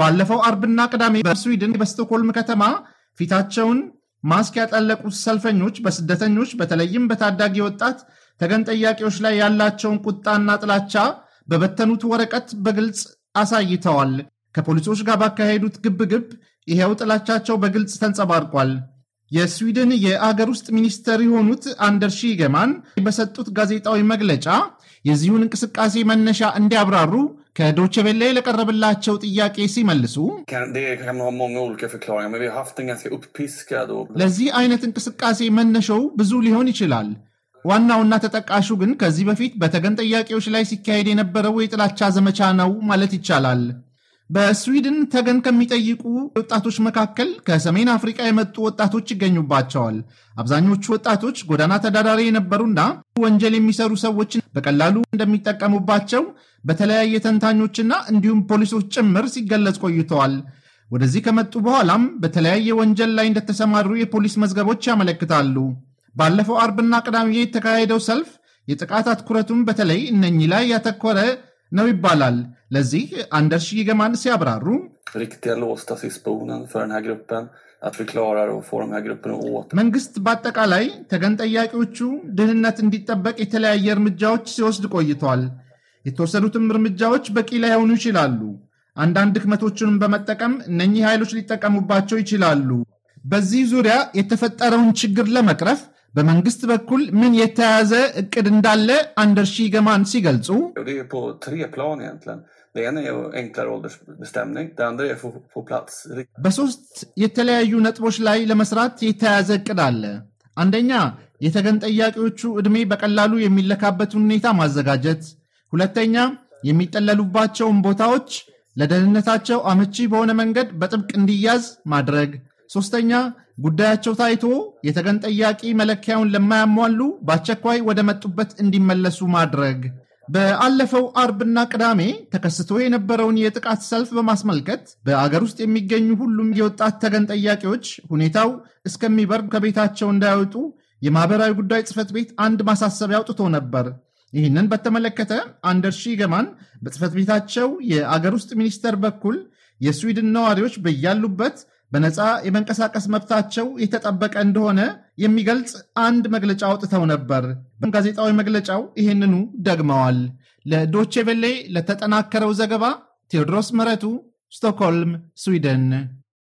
ባለፈው አርብና ቅዳሜ በስዊድን በስቶኮልም ከተማ ፊታቸውን ማስክ ያጠለቁት ሰልፈኞች በስደተኞች በተለይም በታዳጊ ወጣት ተገን ጠያቂዎች ላይ ያላቸውን ቁጣና ጥላቻ በበተኑት ወረቀት በግልጽ አሳይተዋል። ከፖሊሶች ጋር ባካሄዱት ግብግብ ይኸው ጥላቻቸው በግልጽ ተንጸባርቋል። የስዊድን የአገር ውስጥ ሚኒስተር የሆኑት አንደርሺ ገማን በሰጡት ጋዜጣዊ መግለጫ የዚሁን እንቅስቃሴ መነሻ እንዲያብራሩ ከዶቸቤላ ለቀረብላቸው ለቀረበላቸው ጥያቄ ሲመልሱ ለዚህ አይነት እንቅስቃሴ መነሻው ብዙ ሊሆን ይችላል። ዋናውና ተጠቃሹ ግን ከዚህ በፊት በተገን ጠያቂዎች ላይ ሲካሄድ የነበረው የጥላቻ ዘመቻ ነው ማለት ይቻላል። በስዊድን ተገን ከሚጠይቁ ወጣቶች መካከል ከሰሜን አፍሪቃ የመጡ ወጣቶች ይገኙባቸዋል። አብዛኞቹ ወጣቶች ጎዳና ተዳዳሪ የነበሩና ወንጀል የሚሰሩ ሰዎችን በቀላሉ እንደሚጠቀሙባቸው በተለያየ ተንታኞችና እንዲሁም ፖሊሶች ጭምር ሲገለጽ ቆይተዋል። ወደዚህ ከመጡ በኋላም በተለያየ ወንጀል ላይ እንደተሰማሩ የፖሊስ መዝገቦች ያመለክታሉ። ባለፈው አርብና ቅዳሜ የተካሄደው ሰልፍ የጥቃት አትኩረቱም በተለይ እነኚህ ላይ ያተኮረ ነው ይባላል። ለዚህ Anders Ygeman ሲያብራሩ መንግስት በአጠቃላይ ተገን ጠያቂዎቹ ድህንነት እንዲጠበቅ የተለያየ እርምጃዎች ሲወስድ ቆይቷል። የተወሰዱትም እርምጃዎች በቂ ላይሆኑ ይችላሉ። አንዳንድ ድክመቶችንም በመጠቀም እነኚህ ኃይሎች ሊጠቀሙባቸው ይችላሉ። በዚህ ዙሪያ የተፈጠረውን ችግር ለመቅረፍ በመንግስት በኩል ምን የተያዘ እቅድ እንዳለ አንደርሺ ገማን ሲገልጹ በሶስት የተለያዩ ነጥቦች ላይ ለመስራት የተያዘ እቅድ አለ። አንደኛ የተገን ጠያቂዎቹ ዕድሜ በቀላሉ የሚለካበትን ሁኔታ ማዘጋጀት፣ ሁለተኛ የሚጠለሉባቸውን ቦታዎች ለደህንነታቸው አመቺ በሆነ መንገድ በጥብቅ እንዲያዝ ማድረግ፣ ሶስተኛ ጉዳያቸው ታይቶ የተገን ጠያቂ መለኪያውን ለማያሟሉ በአስቸኳይ ወደ መጡበት እንዲመለሱ ማድረግ። በአለፈው አርብና ቅዳሜ ተከስቶ የነበረውን የጥቃት ሰልፍ በማስመልከት በአገር ውስጥ የሚገኙ ሁሉም የወጣት ተገን ጠያቂዎች ሁኔታው እስከሚበርድ ከቤታቸው እንዳይወጡ የማህበራዊ ጉዳይ ጽሕፈት ቤት አንድ ማሳሰቢያ አውጥቶ ነበር። ይህንን በተመለከተ አንደርሺ ገማን በጽፈት ቤታቸው የአገር ውስጥ ሚኒስቴር በኩል የስዊድን ነዋሪዎች በያሉበት በነፃ የመንቀሳቀስ መብታቸው የተጠበቀ እንደሆነ የሚገልጽ አንድ መግለጫ አውጥተው ነበር። ጋዜጣዊ መግለጫው ይህንኑ ደግመዋል። ለዶቼ ቬሌ ለተጠናከረው ዘገባ ቴዎድሮስ መረቱ፣ ስቶክሆልም፣ ስዊድን